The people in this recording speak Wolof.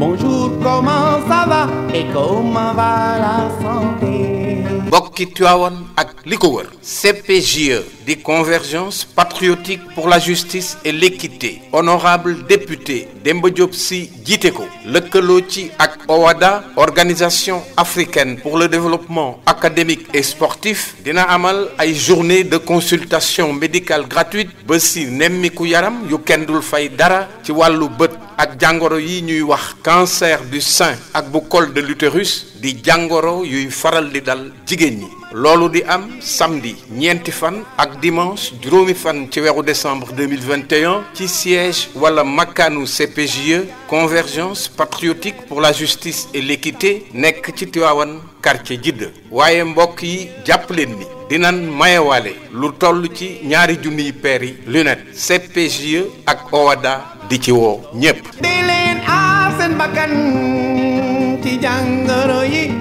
Bonjour, comment ça va et santé. mbokki Tiwaawan ak li ko wër CPJE di convergence patriotique pour la justice et l'équité honorable député Demba Diop si jiite ko lëkkaloo ci ak oada organisation africaine pour le développement académique et sportif dina amal ay journée de consultation médicale gratuite ba si nemmiku yaram yu kenn dul fay dara ci wàllu bët ak jàngoro yi ñuy wax cancer du sein ak bu col de l'utérus di jàngoro yuy faral di dal jigéen ñi loolu di am samedi ñeenti fan ak dimanche juróomi fan ci weeru décembre 2021 ci siège wala makkaanu CPJE convergence patriotique pour la justice et l'équité nekk ci Tivaouane quartier Jidda waaye mbokk yi jàpp leen ni dinan mayewaale lu toll ci ñaari junniy peeri lunette CPJE ak owada di ci woo ñépp di leen aar seen ci jàngoro yi